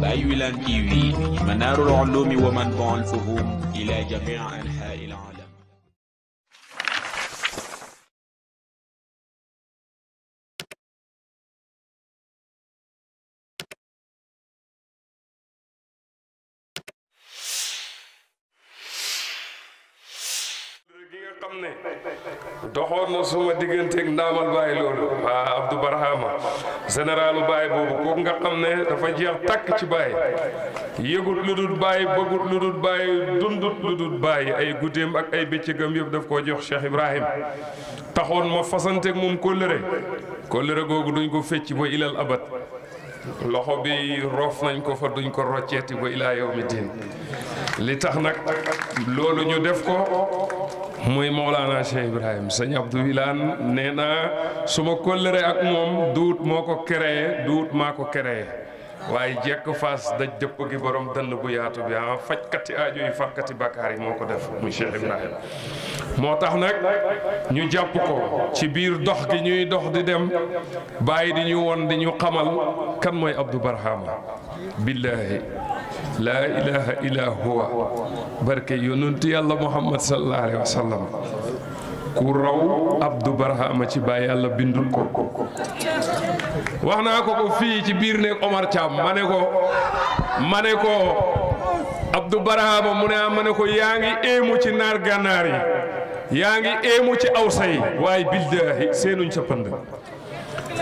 بايولان تي في منار العلوم ومنبع الفهوم إلى جميع أنحاء العالم xam ne doxoon na suma digganteeg ndaamal baay loolu waa Abdou Barhama généralu baay boobu kooku nga xam ne dafa jeex tàkk ci baay yëgut lu dul baay bëggut lu dul baay dundut lu dul baay ay guddeem ak ay bëccëgam yëpp daf koo jox Cheikh Ibrahim taxoon ma fasanteeg moom kóllëre kóllëre googu duñ ko fecc ba ilal abat loxo bi roof nañ ko fa duñ ko rocceeti ba ilaa yawmi diin li tax nag loolu ñu def ko mooy Mawlana Cheikh Ibrahim sëñ Abdou Wilane nee na su ma kóllëre ak moom duut moo ko créé duut maa ko créé waaye jekk faas daj dëpp gi borom dënn bu yaatu bi ah fajkati aajo yi fàkkati bakkaar yi moo ko def mu Cheikh Ibrahim moo tax nag ñu jàpp ko ci biir dox gi ñuy dox di dem bàyyi di ñu won di ñu xamal kan mooy Abdou Barhama billahi laa ilaha illa barke yonentu yàlla muhammad sallallahu alayhi wa sallam ku raw abdu barahama ci baay yàlla bindul ko wax naa ko ko fii ci biir nekk Omar Thiam ma ne ko mane ne ko abdu barahama mu ne ma ne ko yaa ngi éemu ci naar gànnaar yi yaa ngi éemu ci awsa yi waaye billaahi seenuñ sa pënd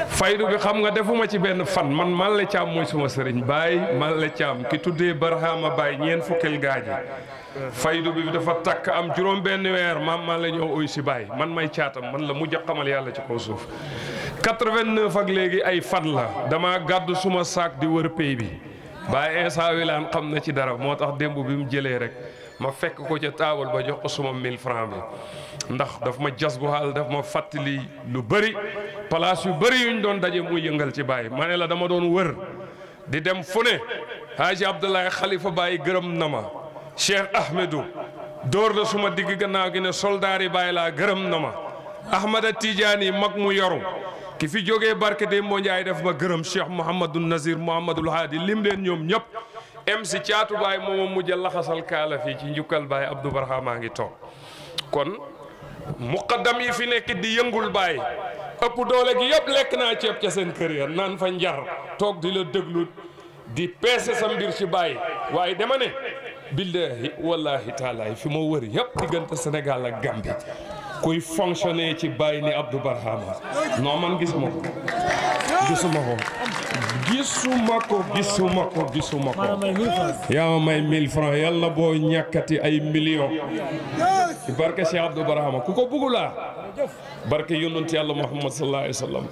faydu bi xam nga defuma ci benn fan man Malla Thiam mooy suma sëriñ Baye Malla Thiam ki tuddee a Barhama Baye ñeen fukkil gaaji faydu bi dafa takk am juróom benn weer maam maa la ñëw oy si Baye man may caatam man la mujj a xamal yàlla ci kaw suuf 89 ak léegi ay fan la dama gàddu suma saak di wër pay bi Baye Insa Wilane xam na ci dara moo tax démb bi mu jëlee rek ma fekk ko ca taabal ba jox ko suma 1000 francs bi ndax daf ma jas bu xaal daf place yu bëri yuñ doon daje muy yëngal ci Baye ma ne la dama doon wër di dem fu ne Haji Abdoulaye Khalifa Baye gërëm na ma Cheikh Ahmedou dóor la suma digg gannaaw gi ne soldaar yi Baye laa gërëm na ma Ahmada Tidiane yi mag mu yoru ki fi jóge barke de moo Ndiaye def ma gërëm Cheikh Mouhamadou Nazir Mouhamadul Haadi lim leen ñoom ñëpp em si caatu baay mooma mujj a laxasal kaala fii ci njukkal baay Abdou Barhama ngi toog kon muqaddam yi fi nekk di yëngul baay ëpp doole gi yëpp lekk naa ceeb ca seen kër ya naan fa njar toog di la déglu di peese sa mbir ci bàyyi waaye dama ne billahi wallahi taalaay fi ma wër yëpp diggante Sénégal ak Gambie kuy fonctionner ci bàyyi ni Abdou Barhama non man gisuma ko gisuma ko gisuma ko gisuma ko gisuma ko yaa yàlla boo ñàkkati ay million ci barke Cheikh Abdou Barhama ku ko bugg laa barke yonent yàlla muhammad sallallahu alayhi wa sallam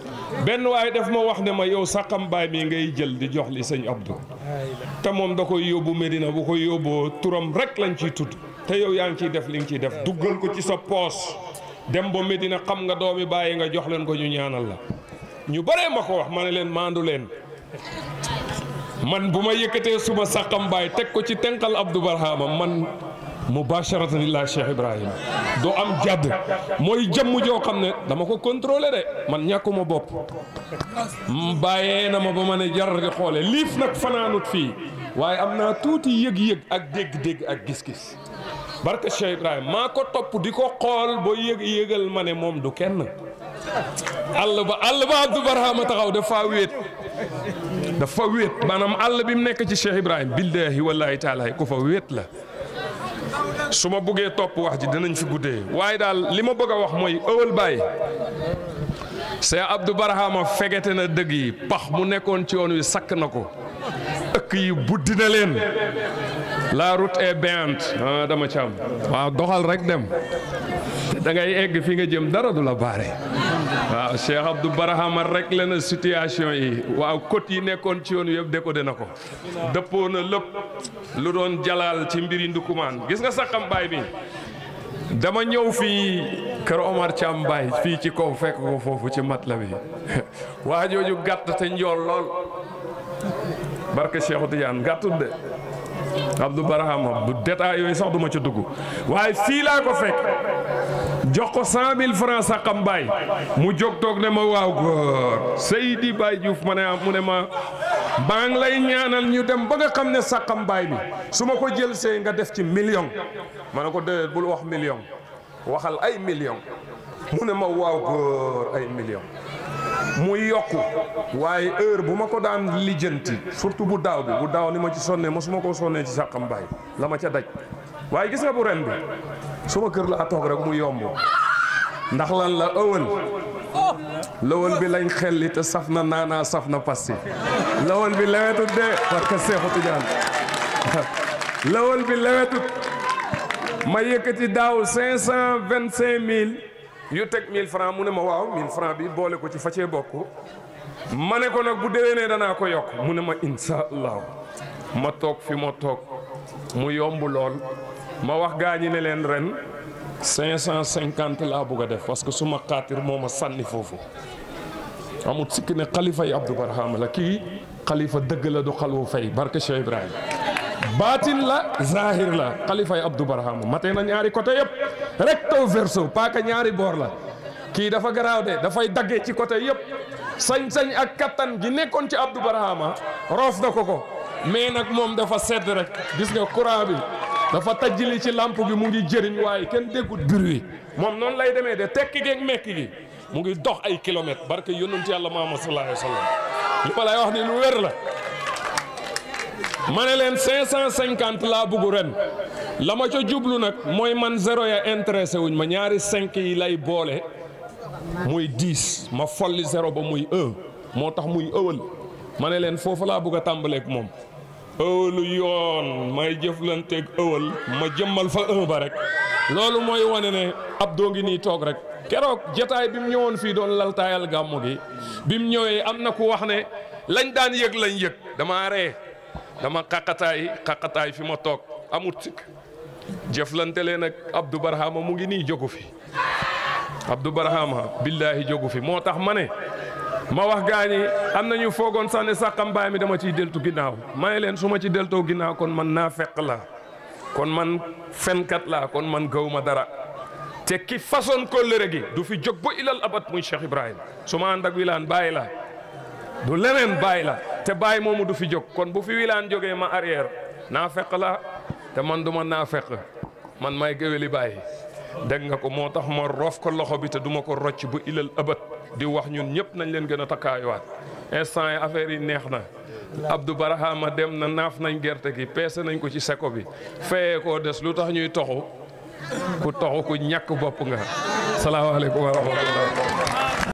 benn waaye def ma wax ne ma yow sàqam baay mi ngay jël di jox li sañ Abdou te moom da koy yóbbu Medina bu ko yóbboo turam rek lañ ciy tudd te yow yaa ngi ciy def li nga ciy def duggal ko ci sa poos dem ba Medina xam nga doomi bàyyi nga jox leen ko ñu ñaanal la ñu bare ma ko wax ma ne leen maandu leen man bu ma yëkkatee suma sàqam baay teg ko ci tenqal Abdou Barhama man مباشرة إلى شيخ إبراهيم دو أم جاب موي جام جو خامني دا ماكو كونترولي ري مان نياكوما بوب مباينا ما بما ني جار دي خولي ليف نك فنانوت في واي امنا توتي ييغ ييغ اك ديغ ديغ اك غيس غيس بارك شيخ إبراهيم ماكو توب ديكو خول بو ييغ ييغال ماني موم دو كين الله با الله با عبد برهام تاخاو دا فا ويت دا ويت مانام الله بيم نيك شيخ إبراهيم بالله والله تعالى كوفا ويت لا su ma buggee topp wax ji dinañ fi guddee waaye daal li ma bëgg a wax mooy ëwal baay Cheikh Abdou Barhama fegete na dëgg yi pax mu nekkoon ci yoon wi sakk na ko ëkk yi buddi na leen la route est béante ah, dama ci am waaw doxal rek dem da ngay egg fi nga jëm dara du la baare waaw Cheikh Abdou Barahama rek la na situation yi waaw côte yi nekkoon ci yoon yëpp décodé na ko dëppoo na lëpp lu doon jalaal ci mbiri ndukumaan gis nga saqam baay bi dama ñëw fii kër Omar Thiam Baye fii ci kaw fekk ko foofu ci mat la bi waa jooju gàtt te njool lool barke Cheikh Tidiane gàttul de Abdou Barahama bu détail yooyu sax duma ca dugg waaye sii laa ko fekk jox ko cent mille francs sàqam mu jóg toog ne ma waaw góor Seydi Baye Diouf ma ne mu ne ma baa lay ñaanal ñu dem ba nga xam ne sàqam baay bi su ma ko jël see nga def ci million ma ne ko déedéet bul wax million waxal ay million mu ne ma waaw góor ay million mu yokku waaye heure bu ma ko daan lijjanti surtout bu daaw bi bu daaw ni ma ci sonnee ma mosuma koo sonnee ci sàqam baay la ma ca daj waaye gis nga bu ren bi suma kër la atoog rek mu yomb ndax lan la ëwël lawal bi lañ xelli te saf na naanaa saf na pasti lawal bi lewetut de parce que Seexu Tijaan lawal bi lewetut ma yëkkati daaw cinq vingt-cinq mille yu teg 1000 francs mu ne ma waaw 1000 francs bi boole ko ci fa cee bokk ma ne ko nag bu ne danaa ko yokk mu ne ma insha ma toog fi ma toog mu yomb lool ma wax gaa ñi ne leen ren 550 laa bugg def parce que suma xaatir moo ma sànni foofu amut sikki ne xalifa yi Abdou la kii xalifa dëgg la du xalwu fay barke Cheikh Ibrahima baatin la zahir la xalifa yi Abdou Barham matee na ñaari côté yëpp recto verso paaka ñaari boor la kii dafa garaaw de dafay dagge ci côté yëpp sañ-sañ ak kattan gi nekkoon ci Abdou Barahama roof na ko ko mais nag moom dafa sedd rek gis nga courant bi dafa tajjili ci lamp bi mu ngi jëriñ waaye kenn déggut bruit moom noonu lay demee de tekki geeg mekki gi mu ngi dox ay kilomètres barke yonent yàlla Muhammad sallallahu alayhi wa sallam li ma lay wax ni lu wér la ma ne leen 550 laa bëggu ren. la ma ca jublu nag mooy man zéro ya intéressé wuñ ma ñaari cinq yi lay boole muy dix ma folli zéro ba muy un moo tax muy ëwal ma ne leen foofu laa bëgg a tàmbaleeg moom ëwalu yoon may jëflanteeg ëwal ma jëmmal fa un ba rek loolu mooy wane ne ab doo ngi nii toog rek keroog jataay bi mu ñëwoon fii doon laltaayal gàmmu gi bi mu ñëwee am na ku wax ne lañ daan yëg lañ yëg dama ree dama xaqataay xaqataay fi ma toog amut sikk jëflante leen ak Abdou Barhama mu ngi nii jogu fi Abdou Barhama billaahi jogu fi moo tax ma ne ma wax gaañi am nañu foogoon sax ne sàqam mi dama ciy deltu ginnaaw ma ne leen suma ci deltoo ginnaaw kon man naa feq la kon man fenkat la kon man gawma dara te ki façon kóllëre gi du fi jóg ba ilal abat muy Cheikh Ibrahim su ma ànd wilaan bàyyi la du leneen bàyyi la te bàyyi moomu du fi jóg kon bu fi wilaan jógee ma arrière naa te man duma naafeq man may géwéli bàyyi dégg nga ko moo tax ma roof ko loxo bi te duma ko rocc bu ilal ëbët di wax ñun ñëpp nañ leen gën a takkaayuwaat instant yi affaire yi neex na Abdou Barahama dem na naaf nañ gerte gi peese nañ ko ci seko bi feyee koo des lu tax ñuy toxu ku toxu ku ñàkk bopp nga salaamaaleykum wa rahmatullah